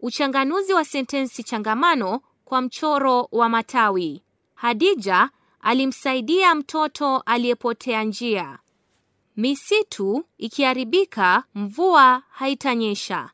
Uchanganuzi wa sentensi changamano kwa mchoro wa matawi. Hadija alimsaidia mtoto aliyepotea njia. Misitu ikiharibika, mvua haitanyesha.